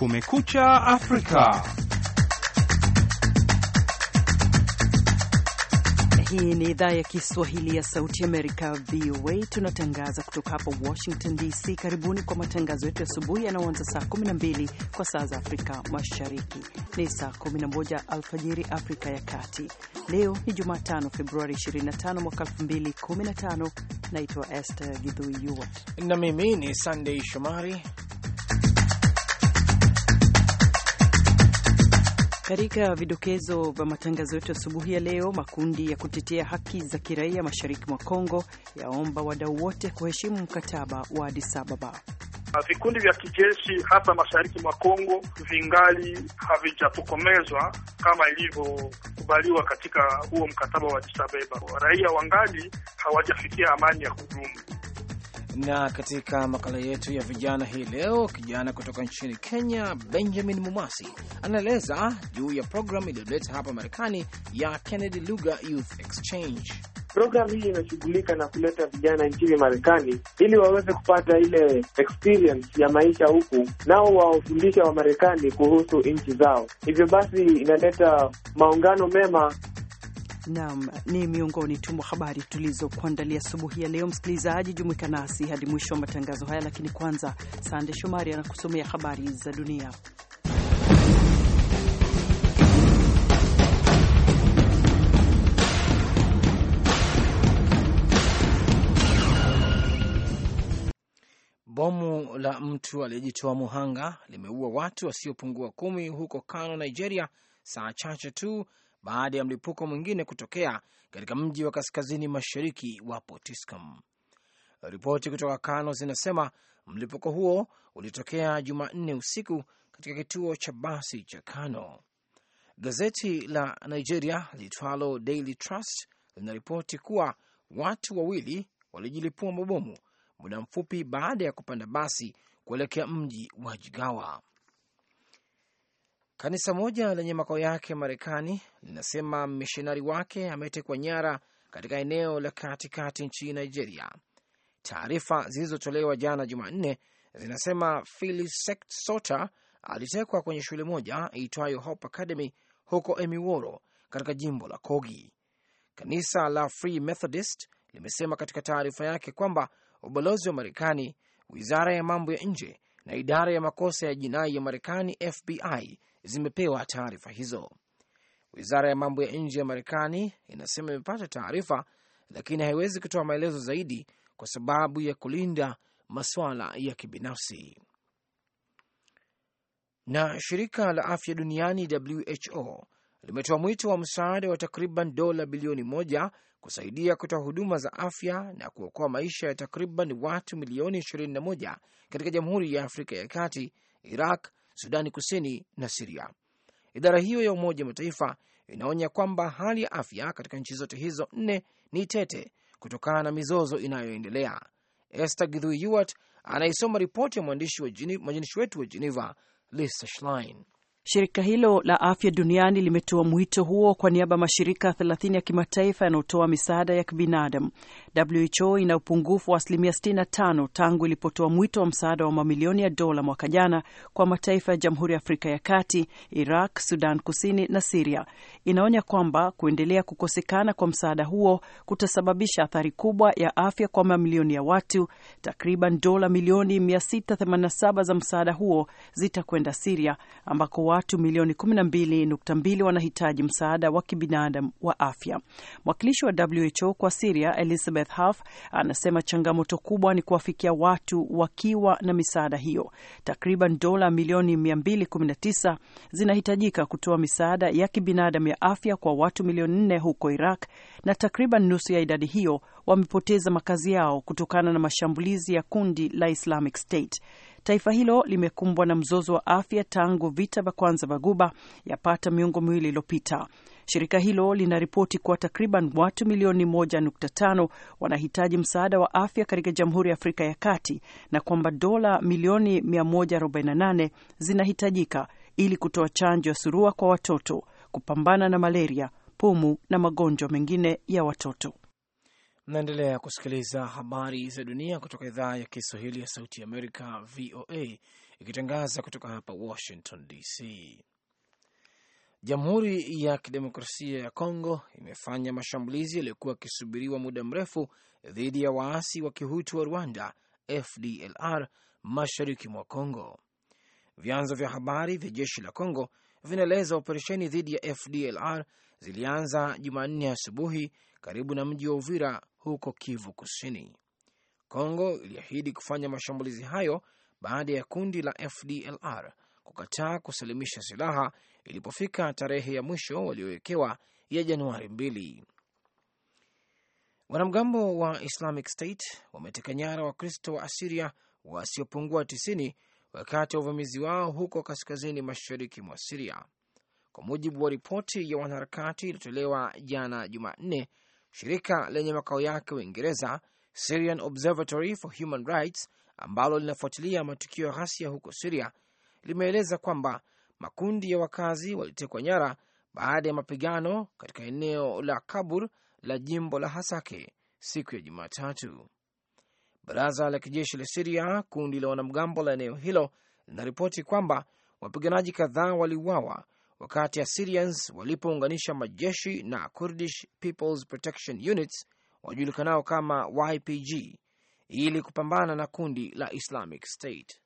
Kumekucha Afrika. Hii ni idhaa ya Kiswahili ya Sauti Amerika, VOA. Tunatangaza kutoka hapa Washington DC. Karibuni kwa matangazo yetu ya asubuhi yanaoanza saa 12 kwa saa za Afrika Mashariki, ni saa 11 alfajiri Afrika ya Kati. Leo ni Jumatano, Februari 25 mwaka 2015. Naitwa Esther Gidhui na mimi ni sandei Shomari Katika vidokezo vya matangazo yetu asubuhi ya leo, makundi ya kutetea haki za kiraia mashariki mwa Kongo yaomba wadau wote kuheshimu mkataba wa Addis Ababa. Vikundi vya kijeshi hasa mashariki mwa Kongo vingali havijatokomezwa kama ilivyokubaliwa katika huo mkataba wa Addis Ababa. Raia wangali hawajafikia amani ya kudumu. Na katika makala yetu ya vijana hii leo, kijana kutoka nchini Kenya, Benjamin Mumasi anaeleza juu ya programu iliyoleta hapa Marekani ya Kennedy Lugar Youth Exchange. Programu hii inashughulika na kuleta vijana nchini Marekani ili waweze kupata ile experience ya maisha huku, nao wawafundisha Wamarekani kuhusu nchi zao. Hivyo basi inaleta maungano mema Naam, ni miongoni tu mwa habari tulizokuandalia asubuhi ya leo. Msikilizaji, jumuika nasi hadi mwisho wa matangazo haya, lakini kwanza, Sande Shomari anakusomea habari za dunia. Bomu la mtu aliyejitoa muhanga limeua watu wasiopungua kumi huko Kano, Nigeria, saa chache tu baada ya mlipuko mwingine kutokea katika mji wa kaskazini mashariki wa Potiskum. Ripoti kutoka Kano zinasema mlipuko huo ulitokea Jumanne usiku katika kituo cha basi cha Kano. Gazeti la Nigeria liitwalo Daily Trust linaripoti kuwa watu wawili walijilipua mabomu muda mfupi baada ya kupanda basi kuelekea mji wa Jigawa. Kanisa moja lenye makao yake Marekani linasema mishonari wake ametekwa nyara katika eneo la katikati nchini Nigeria. Taarifa zilizotolewa jana Jumanne zinasema Phyllis Sota alitekwa kwenye shule moja iitwayo Hope Academy huko Emiworo katika jimbo la Kogi. Kanisa la Free Methodist limesema katika taarifa yake kwamba ubalozi wa Marekani, wizara ya mambo ya nje na idara ya makosa ya jinai ya Marekani, FBI, zimepewa taarifa hizo. Wizara ya mambo ya nje ya Marekani inasema imepata taarifa, lakini haiwezi kutoa maelezo zaidi kwa sababu ya kulinda masuala ya kibinafsi. Na shirika la afya duniani WHO limetoa mwito wa msaada wa takriban dola bilioni moja kusaidia kutoa huduma za afya na kuokoa maisha ya takriban watu milioni 21 katika Jamhuri ya Afrika ya Kati, Iraq, Sudani Kusini na Siria. Idara hiyo ya Umoja Mataifa inaonya kwamba hali ya afya katika nchi zote hizo nne ni tete kutokana na mizozo inayoendelea. Esther Githui Yuart anaisoma ripoti ya mwandishi wetu wa Geneva, Lisa Schlein. Shirika hilo la afya duniani limetoa mwito huo kwa niaba ya mashirika 30 ya kimataifa yanayotoa misaada ya kibinadamu. WHO ina upungufu wa asilimia 65 tangu ilipotoa mwito wa msaada wa mamilioni ya dola mwaka jana kwa mataifa ya Jamhuri ya Afrika ya Kati, Iraq, Sudan Kusini na Siria. Inaonya kwamba kuendelea kukosekana kwa msaada huo kutasababisha athari kubwa ya afya kwa mamilioni ya watu. Takriban dola milioni 687 za msaada huo zitakwenda Siria ambako watu milioni 12.2 wanahitaji msaada wa kibinadamu wa afya. Mwakilishi wa WHO kwa Siria, Elizabeth Huff, anasema changamoto kubwa ni kuwafikia watu wakiwa na misaada hiyo. Takriban dola milioni 219 zinahitajika kutoa misaada ya kibinadamu ya afya kwa watu milioni 4 huko Iraq, na takriban nusu ya idadi hiyo wamepoteza makazi yao kutokana na mashambulizi ya kundi la Islamic State. Taifa hilo limekumbwa na mzozo wa afya tangu vita vya kwanza vya Guba yapata miongo miwili iliyopita. Shirika hilo linaripoti kuwa takriban watu milioni 1.5 wanahitaji msaada wa afya katika Jamhuri ya Afrika ya Kati na kwamba dola milioni 148 zinahitajika ili kutoa chanjo ya surua kwa watoto, kupambana na malaria, pumu na magonjwa mengine ya watoto. Mnaendelea kusikiliza habari za dunia kutoka idhaa ya Kiswahili ya Sauti ya Amerika, VOA, ikitangaza kutoka hapa Washington DC. Jamhuri ya Kidemokrasia ya Kongo imefanya mashambulizi yaliyokuwa yakisubiriwa muda mrefu dhidi ya waasi wa kihutu wa Rwanda, FDLR, mashariki mwa Kongo. Vyanzo vya habari vya jeshi la Kongo vinaeleza operesheni dhidi ya FDLR zilianza Jumanne asubuhi karibu na mji wa Uvira huko Kivu Kusini. Kongo iliahidi kufanya mashambulizi hayo baada ya kundi la FDLR kukataa kusalimisha silaha ilipofika tarehe ya mwisho waliowekewa ya Januari mbili. Wanamgambo wa Islamic State wameteka nyara Wakristo wa Asiria wasiopungua tisini wakati wa uvamizi wao huko kaskazini mashariki mwa Siria, kwa mujibu wa ripoti ya wanaharakati iliyotolewa jana Jumanne Shirika lenye makao yake Uingereza, Syrian Observatory for Human Rights, ambalo linafuatilia matukio ya ghasia huko Siria, limeeleza kwamba makundi ya wakazi walitekwa nyara baada ya mapigano katika eneo la Kabur la jimbo la Hasake siku ya Jumatatu. Baraza la kijeshi la Siria, kundi la wanamgambo la eneo hilo, linaripoti kwamba wapiganaji kadhaa waliuawa wakati Assyrians walipounganisha majeshi na Kurdish People's Protection Units wajulikanao kama YPG ili kupambana na kundi la Islamic State.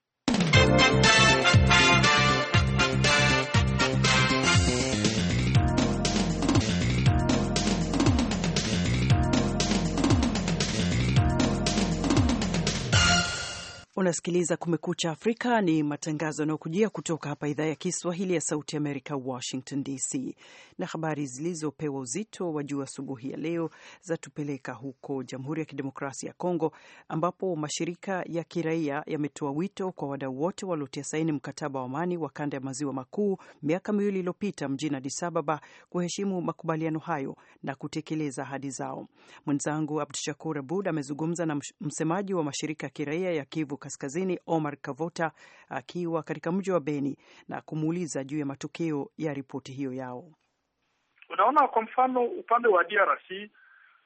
Unasikiliza Kumekucha Afrika, ni matangazo yanayokujia kutoka hapa idhaa ya Kiswahili ya Sauti Amerika, Washington DC. Na habari zilizopewa uzito wa juu asubuhi ya leo zatupeleka huko Jamhuri ya Kidemokrasia ya Kongo, ambapo mashirika ya kiraia yametoa wito kwa wadau wote waliotia saini mkataba wa amani wa kanda ya maziwa makuu miaka miwili iliyopita mjini Addis Ababa kuheshimu makubaliano hayo na kutekeleza ahadi zao. Mwenzangu Abdu Shakur Abud amezungumza na msemaji wa mashirika ya kiraia ya Kivu Kaskazini Omar Kavota akiwa katika mji wa Beni na kumuuliza juu ya matokeo ya ripoti hiyo yao. Unaona, kwa mfano upande wa DRC,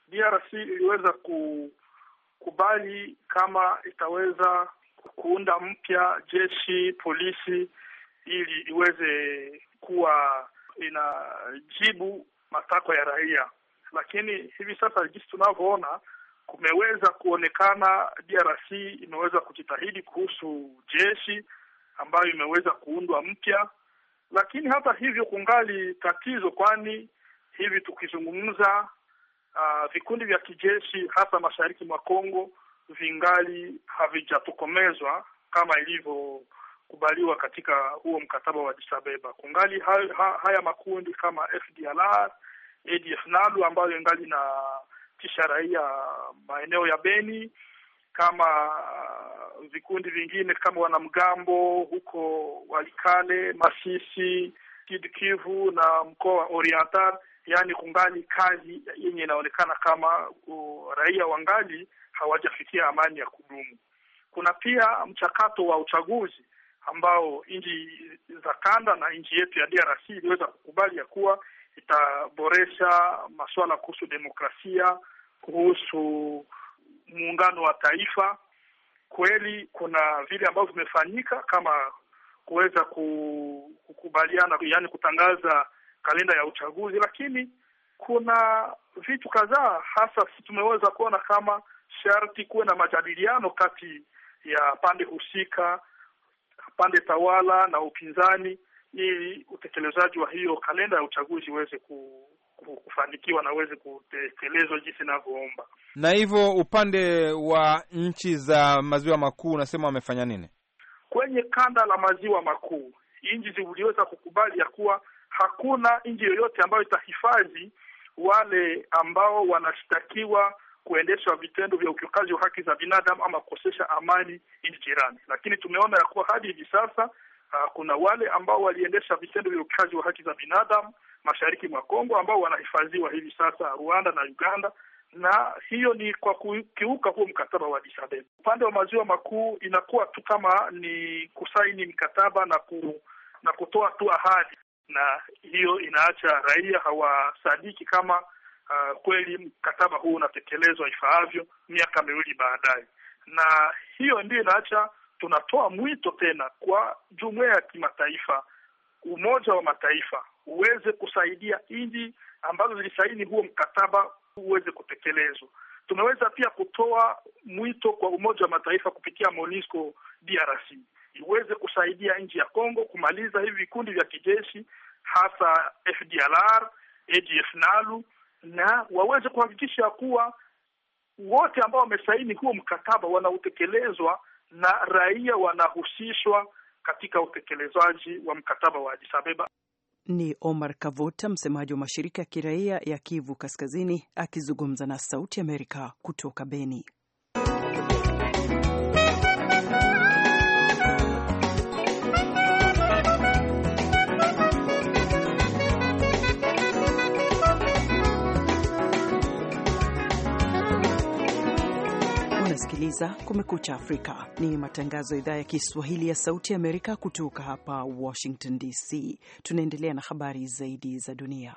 DRC iliweza kukubali kama itaweza kuunda mpya jeshi polisi ili iweze kuwa inajibu matakwa ya raia, lakini hivi sasa jinsi tunavyoona kumeweza kuonekana DRC imeweza kujitahidi kuhusu jeshi ambayo imeweza kuundwa mpya, lakini hata hivyo kungali tatizo, kwani hivi tukizungumza, uh, vikundi vya kijeshi hasa mashariki mwa Kongo vingali havijatokomezwa kama ilivyokubaliwa katika huo mkataba wa Addis Ababa. Kungali ha, ha, haya makundi kama FDLR, ADF NALU ambayo ingali na kisha raia maeneo ya Beni kama uh, vikundi vingine kama wanamgambo huko Walikale, Masisi, Sud Kivu na mkoa wa Oriental. Yaani kungali kazi yenye inaonekana kama uh, raia wangali hawajafikia amani ya kudumu. Kuna pia mchakato wa uchaguzi ambao nchi za kanda na nchi yetu ya DRC iliweza kukubali ya kuwa itaboresha masuala kuhusu demokrasia, kuhusu muungano wa taifa. Kweli kuna vile ambavyo vimefanyika kama kuweza kukubaliana, yani kutangaza kalenda ya uchaguzi, lakini kuna vitu kadhaa, hasa si tumeweza kuona kama sharti kuwe na majadiliano kati ya pande husika, pande tawala na upinzani, ili utekelezaji wa hiyo kalenda ya uchaguzi uweze kufanikiwa na uweze kutekelezwa jinsi inavyoomba. Na hivyo upande wa nchi za maziwa makuu unasema wamefanya nini kwenye kanda la maziwa makuu? Nchi ziliweza kukubali ya kuwa hakuna nchi yoyote ambayo itahifadhi wale ambao wanashtakiwa kuendeshwa vitendo vya ukiukaji wa haki za binadamu ama kukosesha amani nchi jirani, lakini tumeona ya kuwa hadi hivi sasa uh, kuna wale ambao waliendesha vitendo vya ukiukaji wa haki za binadamu mashariki mwa Kongo ambao wanahifadhiwa hivi sasa Rwanda na Uganda, na hiyo ni kwa kukiuka huo mkataba wa Addis Ababa. Upande wa maziwa makuu inakuwa tu kama ni kusaini mkataba na ku, na kutoa tu ahadi, na hiyo inaacha raia hawasadiki kama uh, kweli mkataba huu unatekelezwa ifaavyo miaka miwili baadaye, na hiyo ndio inaacha tunatoa mwito tena kwa jumuiya ya kimataifa, Umoja wa Mataifa uweze kusaidia nchi ambazo zilisaini huo mkataba uweze kutekelezwa. Tumeweza pia kutoa mwito kwa Umoja wa Mataifa kupitia MONUSCO DRC iweze kusaidia nchi ya Kongo kumaliza hivi vikundi vya kijeshi hasa FDLR, ADF Nalu na waweze kuhakikisha kuwa wote ambao wamesaini huo mkataba wanautekelezwa na raia wanahusishwa katika utekelezaji wa mkataba wa Addis Ababa. Ni Omar Kavota, msemaji wa mashirika ya kiraia ya Kivu Kaskazini, akizungumza na Sauti Amerika kutoka Beni. unasikiliza Kumekucha Afrika, ni matangazo ya idhaa ya Kiswahili ya Sauti ya Amerika kutoka hapa Washington DC. Tunaendelea na habari zaidi za dunia.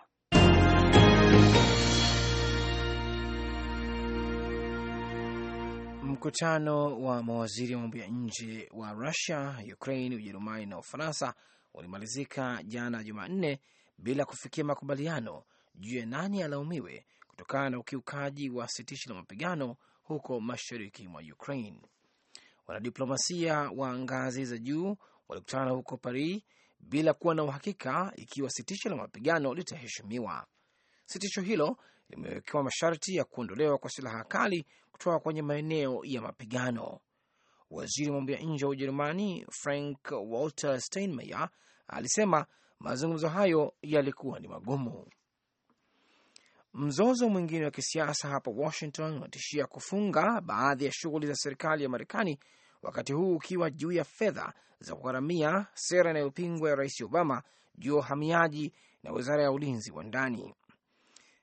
Mkutano wa mawaziri wa mambo ya nje wa Rusia, Ukraine, Ujerumani na Ufaransa ulimalizika jana Jumanne bila kufikia makubaliano juu ya nani alaumiwe kutokana na ukiukaji wa sitisho la mapigano huko mashariki mwa Ukraine. Wanadiplomasia wa ngazi za juu walikutana huko Paris bila kuwa na uhakika ikiwa sitisho la mapigano litaheshimiwa. Sitisho hilo limewekewa masharti ya kuondolewa kwa silaha kali kutoka kwenye maeneo ya mapigano. Waziri wa mambo ya nje wa Ujerumani Frank Walter Steinmeier alisema mazungumzo hayo yalikuwa ni magumu. Mzozo mwingine wa kisiasa hapa Washington unatishia kufunga baadhi ya shughuli za serikali ya Marekani, wakati huu ukiwa juu ya fedha za kugharamia sera inayopingwa ya Rais Obama juu ya uhamiaji na wizara ya ulinzi wa ndani.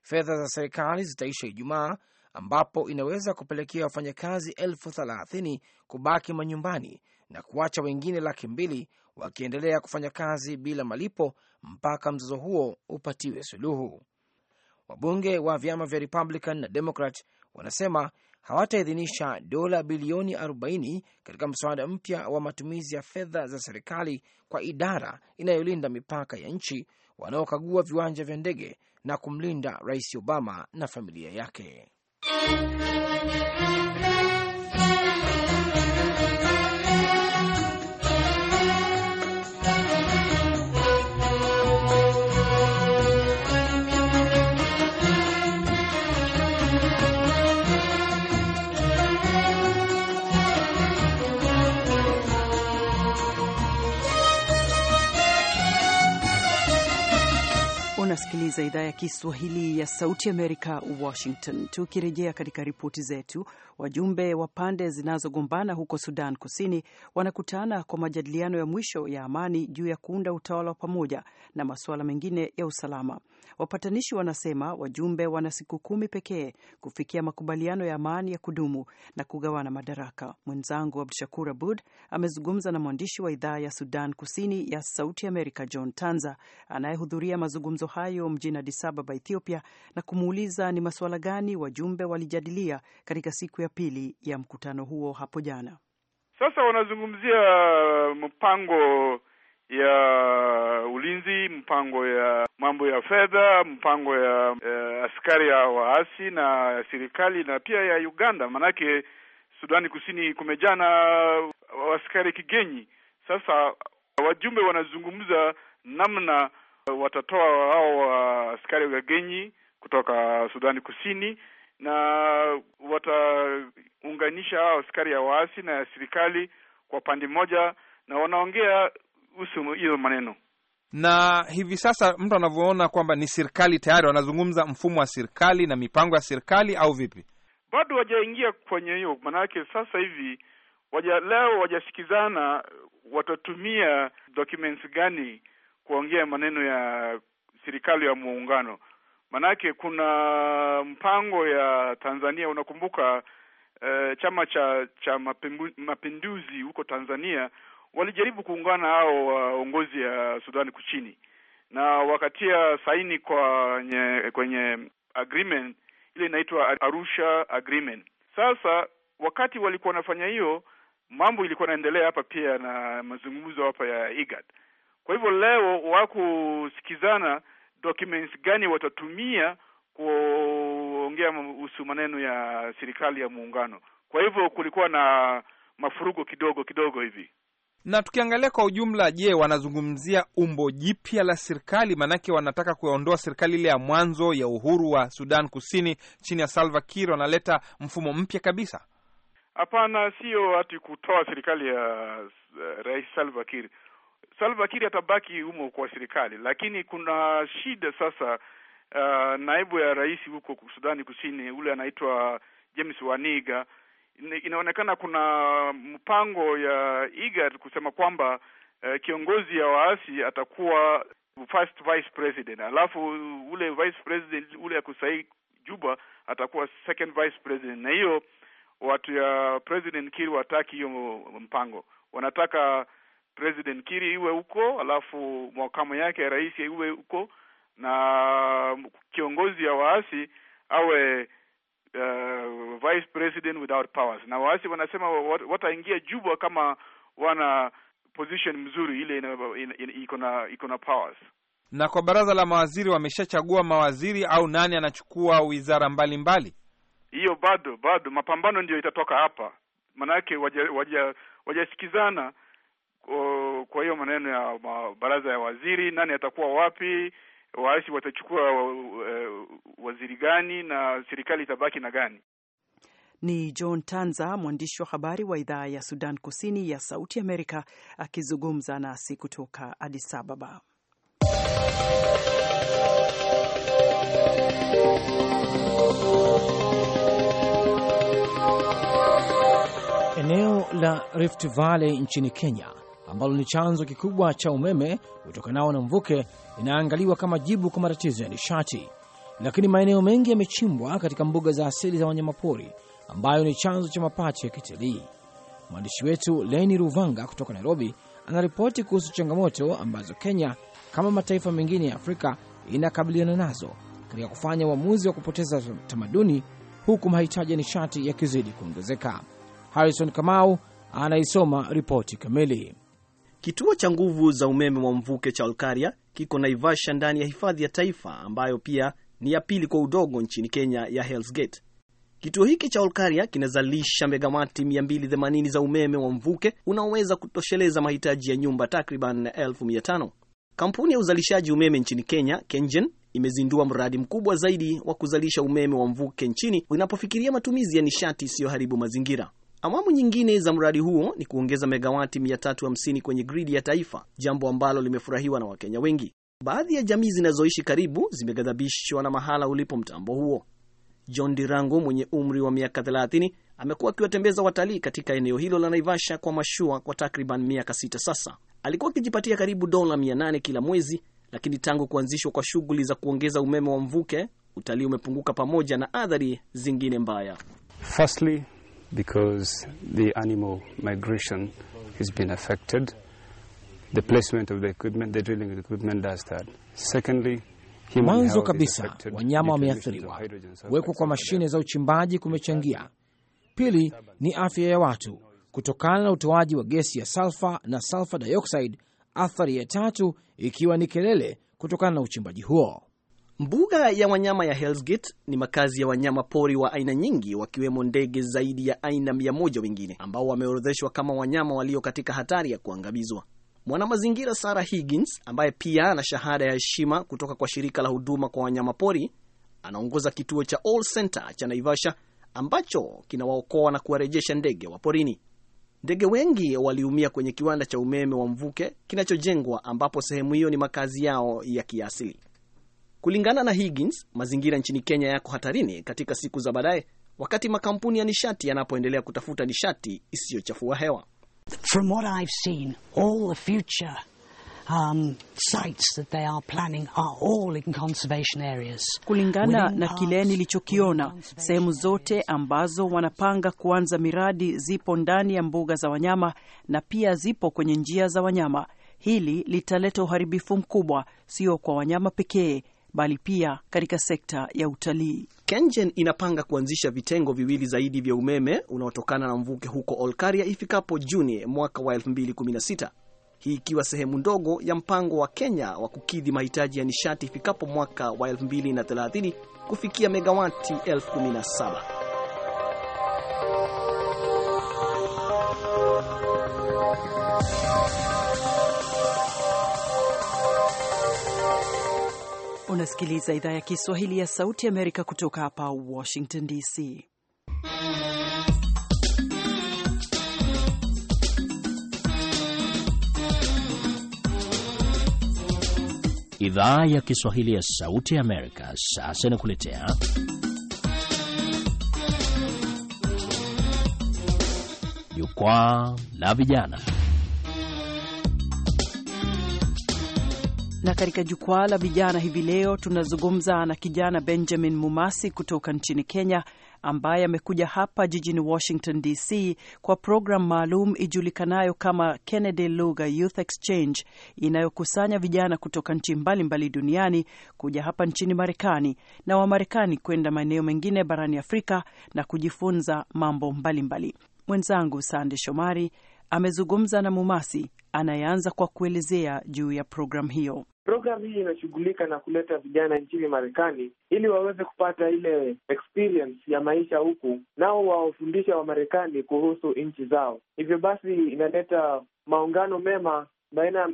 Fedha za serikali zitaisha Ijumaa, ambapo inaweza kupelekea wafanyakazi elfu thelathini kubaki manyumbani na kuacha wengine laki mbili wakiendelea kufanya kazi bila malipo mpaka mzozo huo upatiwe suluhu wabunge wa vyama vya Republican na Democrat wanasema hawataidhinisha dola bilioni 40 katika mswada mpya wa matumizi ya fedha za serikali kwa idara inayolinda mipaka ya nchi, wanaokagua viwanja vya ndege na kumlinda Rais Obama na familia yake. Unasikiliza idhaa ya Kiswahili ya Sauti Amerika, Washington. Tukirejea katika ripoti zetu, wajumbe wa pande zinazogombana huko Sudan Kusini wanakutana kwa majadiliano ya mwisho ya amani juu ya kuunda utawala wa pamoja na masuala mengine ya usalama. Wapatanishi wanasema wajumbe wana siku kumi pekee kufikia makubaliano ya amani ya kudumu na kugawana madaraka. Mwenzangu Abdu Shakur Abud amezungumza na mwandishi wa idhaa ya Sudan Kusini ya Sauti Amerika John Tanza anayehudhuria mazungumzo hayo mjini Addis Ababa, Ethiopia, na kumuuliza ni masuala gani wajumbe walijadilia katika siku ya pili ya mkutano huo hapo jana. Sasa wanazungumzia mpango ya ulinzi, mpango ya mambo ya fedha, mpango ya eh, askari ya waasi na serikali na pia ya Uganda, maanake Sudani Kusini kumejaa na askari kigenyi. Sasa wajumbe wanazungumza namna watatoa hao askari wagenyi kutoka Sudani Kusini na wataunganisha hao askari ya waasi na ya serikali kwa pande moja, na wanaongea kuhusu hiyo maneno. Na hivi sasa mtu anavyoona kwamba ni serikali tayari, wanazungumza mfumo wa serikali na mipango ya serikali au vipi? Bado wajaingia kwenye hiyo, maanake sasa hivi waja, leo wajasikizana watatumia documents gani kuongea maneno ya serikali ya muungano. Maanake kuna mpango ya Tanzania unakumbuka, eh, chama cha cha mapinduzi huko Tanzania walijaribu kuungana hao waongozi uh, ya Sudani Kuchini na wakatia saini kwenye kwenye agreement ile inaitwa Arusha Agreement. Sasa wakati walikuwa wanafanya hiyo mambo ilikuwa inaendelea hapa pia na mazungumzo hapa ya IGAD. Kwa hivyo leo wakusikizana documents gani watatumia kuongea kuhusu maneno ya serikali ya muungano. Kwa hivyo kulikuwa na mafurugo kidogo kidogo hivi. Na tukiangalia kwa ujumla, je, wanazungumzia umbo jipya la serikali? Maanake wanataka kuondoa serikali ile ya mwanzo ya uhuru wa Sudan Kusini chini ya Salva Kiir, wanaleta mfumo mpya kabisa? Hapana, sio hati kutoa serikali ya uh, Rais Salva Kiir. Salva Kiir atabaki humo kwa serikali, lakini kuna shida sasa. Uh, naibu ya rais huko Sudani Kusini ule anaitwa James Waniga inaonekana kuna mpango ya IGAD kusema kwamba uh, kiongozi ya waasi atakuwa first vice president, alafu ule vice president ule ya kusai Juba atakuwa second vice president, na hiyo watu ya President Kiri wataki hiyo mpango, wanataka President Kiri iwe huko, alafu mwakamo yake ya rais iwe huko, na kiongozi ya waasi awe uh, vice president without powers, na waasi wanasema wataingia Juba kama wana position mzuri ile iko na iko na powers. Na kwa baraza la mawaziri wameshachagua mawaziri au nani anachukua wizara mbalimbali? Hiyo mbali, bado bado mapambano ndio itatoka hapa, manake wajasikizana. Oh, kwa hiyo maneno ya baraza ya waziri, nani atakuwa wapi, waasi watachukua waziri gani na serikali itabaki na gani? Ni John Tanza, mwandishi wa habari wa idhaa ya Sudan Kusini ya Sauti Amerika, akizungumza nasi kutoka Addis Ababa. Eneo la Rift Valley nchini Kenya ambalo ni chanzo kikubwa cha umeme utokanao na mvuke inaangaliwa kama jibu kwa matatizo ya nishati, lakini maeneo mengi yamechimbwa katika mbuga za asili za wanyamapori ambayo ni chanzo cha mapato ya kitalii. Mwandishi wetu Leni Ruvanga kutoka Nairobi anaripoti kuhusu changamoto ambazo Kenya kama mataifa mengine ya Afrika inakabiliana nazo katika kufanya uamuzi wa kupoteza tamaduni huku mahitaji ya nishati yakizidi kuongezeka. Harrison Kamau anaisoma ripoti kamili. Kituo cha nguvu za umeme wa mvuke cha Olkaria kiko Naivasha ndani ya hifadhi ya taifa ambayo pia ni ya pili kwa udogo nchini Kenya ya Hell's Gate. Kituo hiki cha Olkaria kinazalisha megawati 280 za umeme wa mvuke unaoweza kutosheleza mahitaji ya nyumba takriban 5 Kampuni ya uzalishaji umeme nchini Kenya, KenGen, imezindua mradi mkubwa zaidi wa kuzalisha umeme wa mvuke nchini unapofikiria matumizi ya nishati isiyoharibu mazingira. Awamu nyingine za mradi huo ni kuongeza megawati 350 kwenye gridi ya taifa, jambo ambalo limefurahiwa na Wakenya wengi. Baadhi ya jamii zinazoishi karibu zimeghadhabishwa na mahala ulipo mtambo huo. John Dirango mwenye umri wa miaka 30 amekuwa akiwatembeza watalii katika eneo hilo la Naivasha kwa mashua kwa takriban miaka sita sasa. Alikuwa akijipatia karibu dola 800 kila mwezi, lakini tangu kuanzishwa kwa shughuli za kuongeza umeme wa mvuke, utalii umepunguka pamoja na athari zingine mbaya. Firstly, because the animal migration has been affected. The placement of the equipment, the drilling equipment does that. Secondly, mwanzo kabisa wanyama wameathiriwa. Kuwekwa kwa mashine za uchimbaji kumechangia. Pili ni afya ya watu kutokana na utoaji wa gesi ya sulfa na sulfa dioxide. Athari ya tatu ikiwa ni kelele kutokana na uchimbaji huo. Mbuga ya wanyama ya Hell's Gate ni makazi ya wanyama pori wa aina nyingi wakiwemo ndege zaidi ya aina mia moja wengine ambao wameorodheshwa kama wanyama walio katika hatari ya kuangamizwa. Mwanamazingira Sarah Higgins ambaye pia ana shahada ya heshima kutoka kwa shirika la huduma kwa wanyama pori anaongoza kituo cha All Center cha Naivasha ambacho kinawaokoa na kuwarejesha ndege wa porini. Ndege wengi waliumia kwenye kiwanda cha umeme wa mvuke kinachojengwa ambapo sehemu hiyo ni makazi yao ya kiasili. Kulingana na Higgins, mazingira nchini Kenya yako hatarini katika siku za baadaye, wakati makampuni ya nishati yanapoendelea kutafuta nishati isiyochafua hewa. From what I've seen, all the future Um, sites that they are planning are all in conservation areas. Kulingana na kile nilichokiona, sehemu zote ambazo wanapanga kuanza miradi zipo ndani ya mbuga za wanyama na pia zipo kwenye njia za wanyama. Hili litaleta uharibifu mkubwa, sio kwa wanyama pekee, bali pia katika sekta ya utalii. Kengen inapanga kuanzisha vitengo viwili zaidi vya umeme unaotokana na mvuke huko Olkaria ifikapo Juni mwaka wa 2016, hii ikiwa sehemu ndogo ya mpango wa Kenya wa kukidhi mahitaji ya nishati ifikapo mwaka wa 2030 kufikia megawati 17 Unasikiliza idhaa ya Kiswahili ya Sauti ya Amerika kutoka hapa Washington DC. Idhaa ya Kiswahili ya Sauti ya Amerika sasa inakuletea Jukwaa la Vijana. Na katika jukwaa la vijana hivi leo tunazungumza na kijana Benjamin Mumasi kutoka nchini Kenya ambaye amekuja hapa jijini Washington DC kwa programu maalum ijulikanayo kama Kennedy Luga Youth Exchange inayokusanya vijana kutoka nchi mbalimbali duniani kuja hapa nchini Marekani na Wamarekani kwenda maeneo mengine barani Afrika na kujifunza mambo mbalimbali mbali. Mwenzangu Sande Shomari amezungumza na Mumasi anayeanza kwa kuelezea juu ya programu hiyo. Programu hii inashughulika na kuleta vijana nchini Marekani ili waweze kupata ile experience ya maisha huku, nao wawafundisha Wamarekani kuhusu nchi zao. Hivyo basi inaleta maungano mema baina ya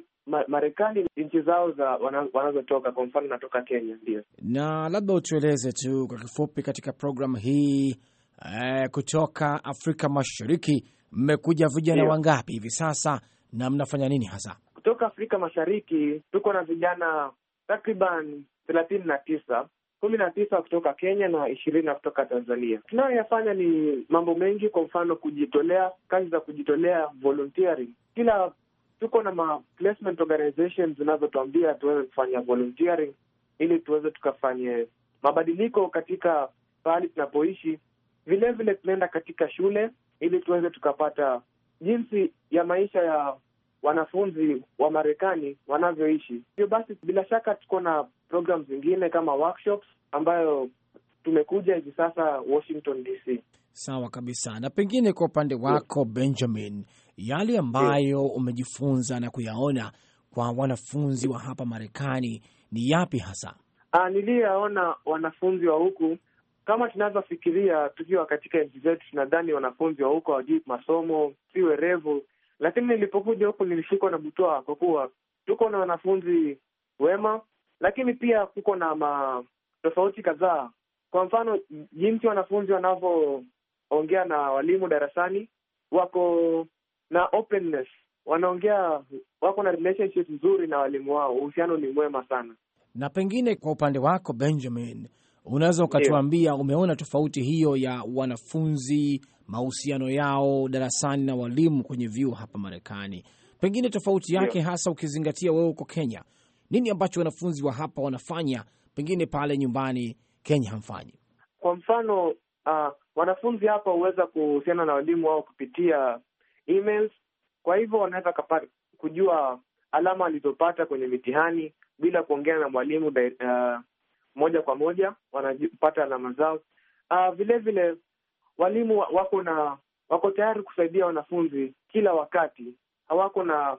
Marekani nchi zao za wanazotoka. Kwa mfano natoka Kenya, ndio. Na labda utueleze tu kwa kifupi katika programu hii eh, kutoka Afrika Mashariki mmekuja vijana yeah, wangapi hivi sasa na mnafanya nini hasa? Kutoka Afrika Mashariki tuko na vijana takriban thelathini na tisa kumi na tisa kutoka Kenya na ishirini na kutoka Tanzania. Tunayoyafanya ni mambo mengi, kwa mfano kujitolea, kazi za kujitolea, volunteering. Kila tuko na ma placement organizations zinazotuambia tuweze kufanya volunteering ili tuweze tukafanye mabadiliko katika pahali tunapoishi. Vilevile tunaenda katika shule ili tuweze tukapata jinsi ya maisha ya wanafunzi wa Marekani wanavyoishi. Hivyo basi, bila shaka tuko na programu zingine kama workshops ambayo tumekuja hivi sasa Washington DC. Sawa kabisa. Na pengine kwa upande wako yeah, Benjamin, yale ambayo yeah, umejifunza na kuyaona kwa wanafunzi wa hapa Marekani ni yapi hasa? Ah, Niliyoyaona wanafunzi wa huku kama tunavyofikiria tukiwa katika nchi zetu, tunadhani wanafunzi wa huko hawajui masomo, si werevu. Lakini nilipokuja huku nilishikwa na butwa kwa kuwa tuko na wanafunzi wema, lakini pia kuko na matofauti kadhaa. Kwa mfano, jinsi wanafunzi wanavyoongea na walimu darasani, wako na openness, wanaongea, wako na relationship nzuri na walimu wao, uhusiano ni mwema sana. Na pengine kwa upande wako Benjamin unaweza ukatuambia umeona tofauti hiyo ya wanafunzi mahusiano yao darasani na walimu kwenye vyuo hapa Marekani, pengine tofauti yake yeah, hasa ukizingatia wewe uko Kenya, nini ambacho wanafunzi wa hapa wanafanya pengine pale nyumbani Kenya hamfanyi? Kwa mfano uh, wanafunzi hapa huweza kuhusiana na walimu wao kupitia emails, kwa hivyo wanaweza kujua alama alizopata kwenye mitihani bila kuongea na mwalimu uh, moja kwa moja, wanapata alama zao. Uh, ah, vile vile walimu wako na wako tayari kusaidia wanafunzi kila wakati, hawako na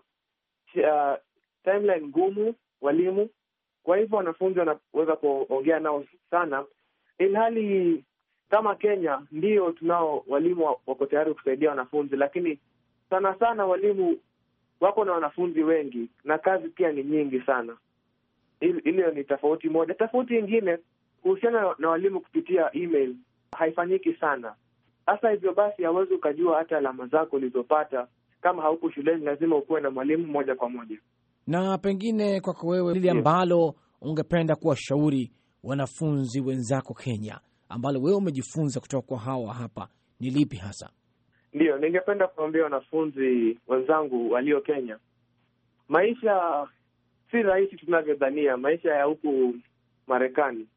uh, timeline ngumu walimu. Kwa hivyo wanafunzi wanaweza kuongea nao sana, ilhali kama Kenya ndio tunao walimu wako tayari kusaidia wanafunzi, lakini sana sana walimu wako na wanafunzi wengi na kazi pia ni nyingi sana. Hilo ni tofauti moja. Tofauti ingine kuhusiana na walimu kupitia email haifanyiki sana. Hasa hivyo basi, hawezi ukajua hata alama zako ulizopata. Kama hauko shuleni, lazima ukuwe na mwalimu moja kwa moja. Na pengine kwako wewe, lile ambalo ungependa kuwashauri wanafunzi wenzako Kenya, ambalo wewe umejifunza kutoka kwa hawa hapa, ni lipi hasa? Ndiyo, ningependa kuambia wanafunzi wenzangu walio Kenya, maisha si rahisi tunavyodhania. Maisha ya huku Marekani,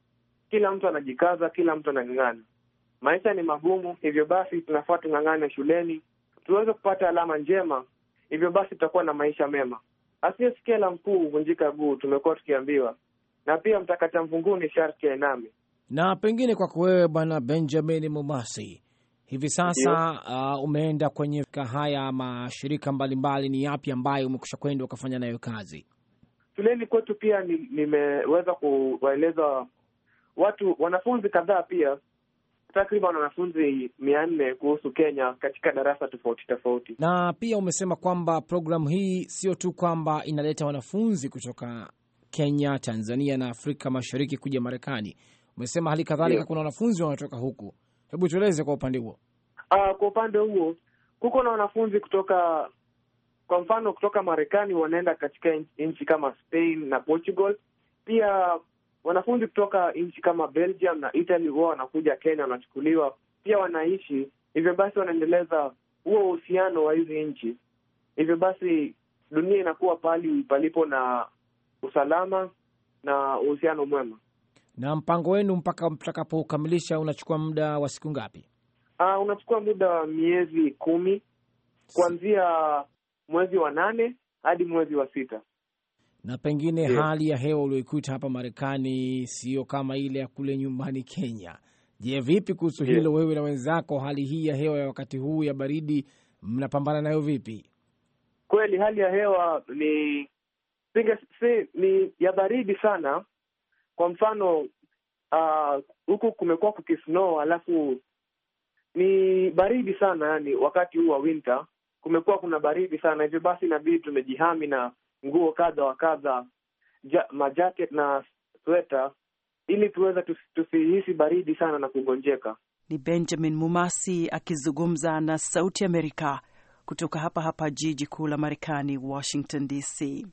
kila mtu anajikaza, kila mtu anang'ang'ana. Maisha ni magumu, hivyo basi tunafaa tung'ang'ane shuleni tuweze kupata alama njema, hivyo basi tutakuwa na maisha mema. Asiyesikia la mkuu huvunjika guu, tumekuwa tukiambiwa, na pia mtakata mvunguu ni sharti ainame. Na pengine kwako wewe Bwana Benjamin Mumasi, hivi sasa uh, umeenda kwenye haya mashirika mbalimbali, ni yapi ambayo umekusha kwenda ukafanya nayo kazi? shuleni kwetu pia nimeweza kuwaeleza watu wanafunzi kadhaa pia takriban wanafunzi mia nne kuhusu Kenya katika darasa tofauti tofauti. Na pia umesema kwamba programu hii sio tu kwamba inaleta wanafunzi kutoka Kenya, Tanzania na Afrika Mashariki kuja Marekani. Umesema hali kadhalika kuna wanafunzi wanatoka huku. Hebu tueleze kwa upande huo. Uh, kwa upande huo kuko na wanafunzi kutoka kwa mfano kutoka Marekani wanaenda katika nchi kama Spain na Portugal. Pia wanafunzi kutoka nchi kama Belgium na Italy huwa wanakuja Kenya, wanachukuliwa pia wanaishi hivyo basi, wanaendeleza huo uhusiano wa hizi nchi. Hivyo basi dunia inakuwa pali palipo na usalama na uhusiano mwema. Na mpango wenu mpaka mtakapokamilisha unachukua muda wa siku ngapi? Uh, unachukua muda wa miezi kumi kuanzia mwezi wa nane hadi mwezi wa sita. Na pengine yeah, hali ya hewa ulioikuta hapa Marekani siyo kama ile ya kule nyumbani Kenya. Je, vipi kuhusu hilo? Yeah, wewe na wenzako, hali hii ya hewa ya wakati huu ya baridi mnapambana nayo vipi? Kweli hali ya hewa ni singe, si, ni ya baridi sana. Kwa mfano ah, huku uh, kumekuwa kukisnow, alafu ni baridi sana, yani wakati huu wa winter kumekuwa kuna baridi sana, hivyo basi inabidi tumejihami na nguo kadha wa kadha, ja, majacket na sweta ili tuweze tusihisi baridi sana na kugonjeka. Ni Benjamin Mumasi akizungumza na Sauti Amerika kutoka hapa hapa jiji kuu la Marekani, Washington DC.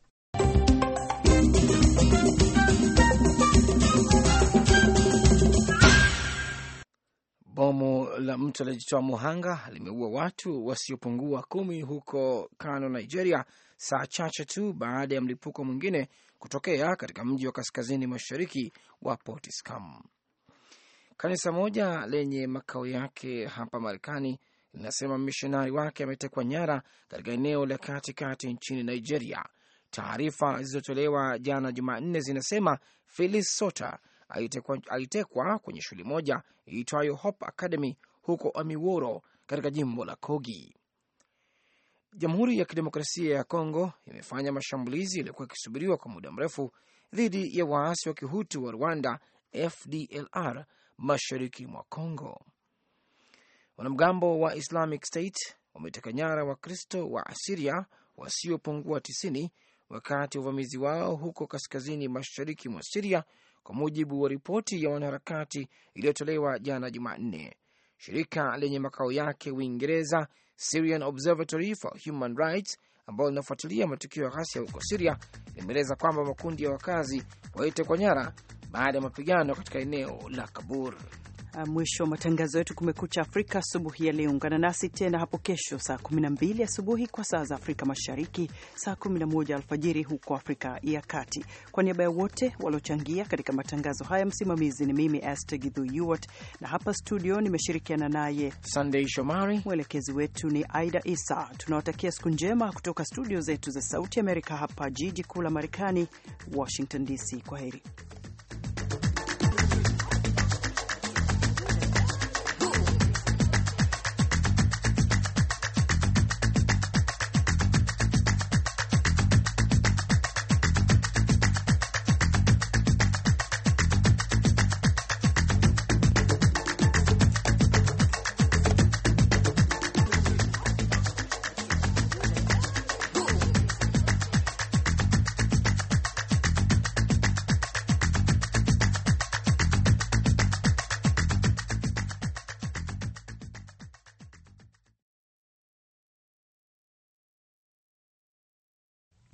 Bomu la mtu aliyejitoa muhanga limeua watu wasiopungua kumi huko Kano, Nigeria, saa chache tu baada ya mlipuko mwingine kutokea katika mji wa kaskazini mashariki wa Potiskum. Kanisa moja lenye makao yake hapa Marekani linasema mishonari wake ametekwa nyara katika eneo la katikati nchini Nigeria. Taarifa zilizotolewa jana Jumanne zinasema Felis Sota alitekwa, alitekwa kwenye shule moja iitwayo Hope Academy huko Amiworo katika jimbo la Kogi. Jamhuri ya Kidemokrasia ya Kongo imefanya mashambulizi yaliyokuwa yakisubiriwa kwa muda mrefu dhidi ya waasi wa kihutu wa Rwanda FDLR mashariki mwa Kongo. Wanamgambo wa Islamic State wameteka nyara Wakristo wa Asiria wasiopungua 90 wakati wa uvamizi wao huko kaskazini mashariki mwa Siria kwa mujibu wa ripoti ya wanaharakati iliyotolewa jana Jumanne. Shirika lenye makao yake Uingereza, Syrian Observatory for Human Rights, linafuatilia matukio ya ghasia huko Siria, limeeleza kwamba makundi ya wakazi kwa nyara baada ya mapigano katika eneo la kabur Uh, mwisho wa matangazo yetu Kumekucha Afrika asubuhi ya leo. Ungana nasi tena hapo kesho saa 12 asubuhi kwa saa za Afrika Mashariki, saa 11 alfajiri huko Afrika ya Kati. Kwa niaba ya wote waliochangia katika matangazo haya, msimamizi ni mimi Aster Gidhu Yuwat, na hapa studio nimeshirikiana naye Sandei Shomari, mwelekezi wetu ni Aida Isa. Tunawatakia siku njema kutoka studio zetu za Sauti Amerika hapa jiji kuu la Marekani, Washington DC. Kwa heri.